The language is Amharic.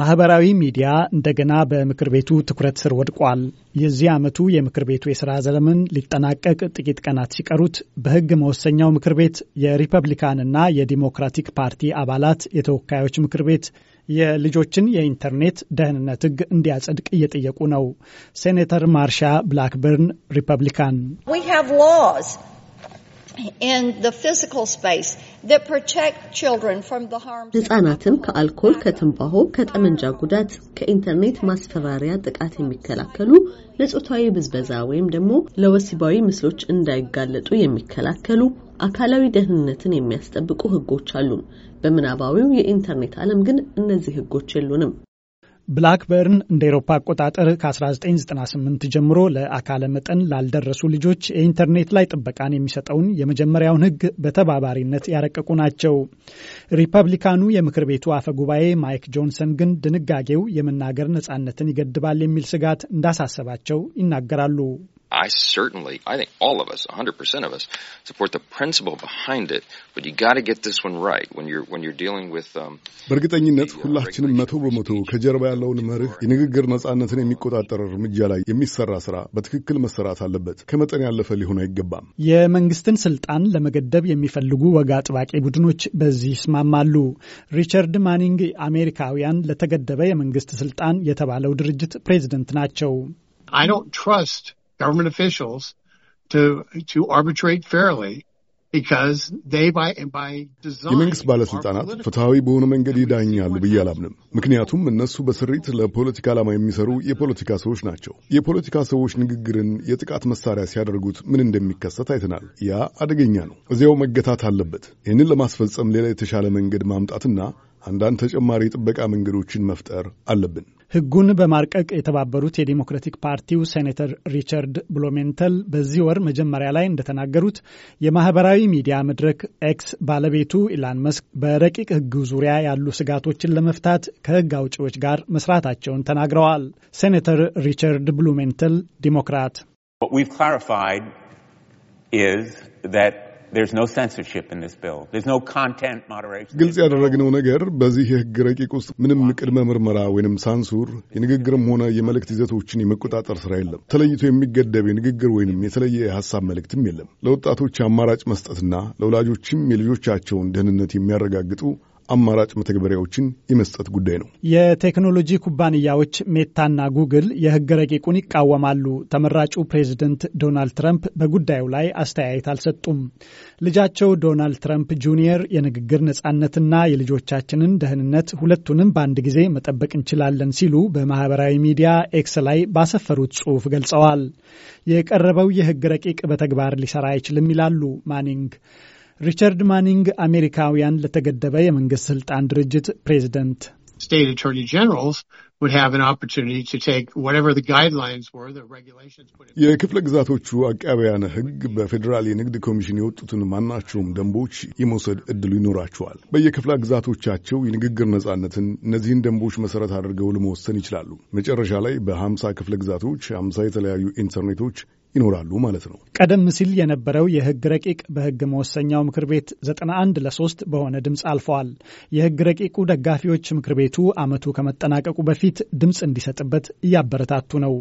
ማህበራዊ ሚዲያ እንደገና በምክር ቤቱ ትኩረት ስር ወድቋል። የዚህ ዓመቱ የምክር ቤቱ የሥራ ዘመን ሊጠናቀቅ ጥቂት ቀናት ሲቀሩት በሕግ መወሰኛው ምክር ቤት የሪፐብሊካንና የዲሞክራቲክ ፓርቲ አባላት የተወካዮች ምክር ቤት የልጆችን የኢንተርኔት ደህንነት ሕግ እንዲያጸድቅ እየጠየቁ ነው። ሴኔተር ማርሻ ብላክበርን ሪፐብሊካን ህጻናትም ከአልኮል፣ ከትንባሆ፣ ከጠመንጃ ጉዳት፣ ከኢንተርኔት ማስፈራሪያ ጥቃት የሚከላከሉ ለጾታዊ ብዝበዛ ወይም ደግሞ ለወሲባዊ ምስሎች እንዳይጋለጡ የሚከላከሉ አካላዊ ደህንነትን የሚያስጠብቁ ህጎች አሉ። በምናባዊው የኢንተርኔት ዓለም ግን እነዚህ ህጎች የሉንም። ብላክበርን እንደ ኤሮፓ አቆጣጠር ከ1998 ጀምሮ ለአካለ መጠን ላልደረሱ ልጆች የኢንተርኔት ላይ ጥበቃን የሚሰጠውን የመጀመሪያውን ሕግ በተባባሪነት ያረቀቁ ናቸው። ሪፐብሊካኑ የምክር ቤቱ አፈ ጉባኤ ማይክ ጆንሰን ግን ድንጋጌው የመናገር ነጻነትን ይገድባል የሚል ስጋት እንዳሳሰባቸው ይናገራሉ። I certainly, I think all of us, 100% of us, support the principle behind it, but you got to get this one right when you're when you're dealing with um በእርግጠኝነት uh, ሁላችንም መቶ በመቶ ከጀርባ ያለውን መርህ የንግግር ነጻነትን የሚቆጣጠር እርምጃ ላይ የሚሰራ ስራ በትክክል መሰራት አለበት። ከመጠን ያለፈ ሊሆን አይገባም። የመንግስትን ስልጣን ለመገደብ የሚፈልጉ ወግ አጥባቂ ቡድኖች በዚህ ይስማማሉ። ሪቻርድ ማኒንግ አሜሪካውያን ለተገደበ የመንግስት ስልጣን የተባለው ድርጅት ፕሬዚደንት ናቸው። I don't trust government officials to arbitrate fairly because they by design የመንግሥት ባለሥልጣናት ፍትሐዊ በሆነ መንገድ ይዳኛሉ ብዬ አላምንም። ምክንያቱም እነሱ በስሪት ለፖለቲካ ዓላማ የሚሰሩ የፖለቲካ ሰዎች ናቸው። የፖለቲካ ሰዎች ንግግርን የጥቃት መሳሪያ ሲያደርጉት ምን እንደሚከሰት አይተናል። ያ አደገኛ ነው። እዚያው መገታት አለበት። ይህንን ለማስፈጸም ሌላ የተሻለ መንገድ ማምጣትና አንዳንድ ተጨማሪ ጥበቃ መንገዶችን መፍጠር አለብን። ሕጉን በማርቀቅ የተባበሩት የዲሞክራቲክ ፓርቲው ሴኔተር ሪቻርድ ብሎሜንተል በዚህ ወር መጀመሪያ ላይ እንደተናገሩት የማህበራዊ ሚዲያ መድረክ ኤክስ ባለቤቱ ኢላን መስክ በረቂቅ ሕግ ዙሪያ ያሉ ስጋቶችን ለመፍታት ከሕግ አውጪዎች ጋር መስራታቸውን ተናግረዋል። ሴኔተር ሪቻርድ ብሉሜንተል ዲሞክራት there's no censorship in this bill. There's no content moderation. ግልጽ ያደረግነው ነገር በዚህ የህግ ረቂቅ ውስጥ ምንም ቅድመ ምርመራ ወይንም ሳንሱር የንግግርም ሆነ የመልእክት ይዘቶችን የመቆጣጠር ስራ የለም። ተለይቶ የሚገደብ የንግግር ወይንም የተለየ የሀሳብ መልእክትም የለም። ለወጣቶች አማራጭ መስጠትና ለወላጆችም የልጆቻቸውን ደህንነት የሚያረጋግጡ አማራጭ መተግበሪያዎችን የመስጠት ጉዳይ ነው። የቴክኖሎጂ ኩባንያዎች ሜታና ጉግል የሕግ ረቂቁን ይቃወማሉ። ተመራጩ ፕሬዚደንት ዶናልድ ትራምፕ በጉዳዩ ላይ አስተያየት አልሰጡም። ልጃቸው ዶናልድ ትራምፕ ጁኒየር የንግግር ነጻነትና የልጆቻችንን ደህንነት ሁለቱንም በአንድ ጊዜ መጠበቅ እንችላለን ሲሉ በማህበራዊ ሚዲያ ኤክስ ላይ ባሰፈሩት ጽሑፍ ገልጸዋል። የቀረበው የህግ ረቂቅ በተግባር ሊሰራ አይችልም ይላሉ ማኒንግ ሪቻርድ ማኒንግ አሜሪካውያን ለተገደበ የመንግስት ስልጣን ድርጅት ፕሬዚደንት የክፍለ ግዛቶቹ አቃቢያነ ሕግ በፌዴራል የንግድ ኮሚሽን የወጡትን ማናቸውም ደንቦች የመውሰድ እድሉ ይኖራቸዋል። በየክፍለ ግዛቶቻቸው የንግግር ነጻነትን እነዚህን ደንቦች መሰረት አድርገው ለመወሰን ይችላሉ። መጨረሻ ላይ በሀምሳ ክፍለ ግዛቶች ሀምሳ የተለያዩ ኢንተርኔቶች ይኖራሉ ማለት ነው። ቀደም ሲል የነበረው የህግ ረቂቅ በህግ መወሰኛው ምክር ቤት 91 ለሶስት በሆነ ድምፅ አልፈዋል። የህግ ረቂቁ ደጋፊዎች ምክር ቤቱ አመቱ ከመጠናቀቁ በፊት ድምፅ እንዲሰጥበት እያበረታቱ ነው።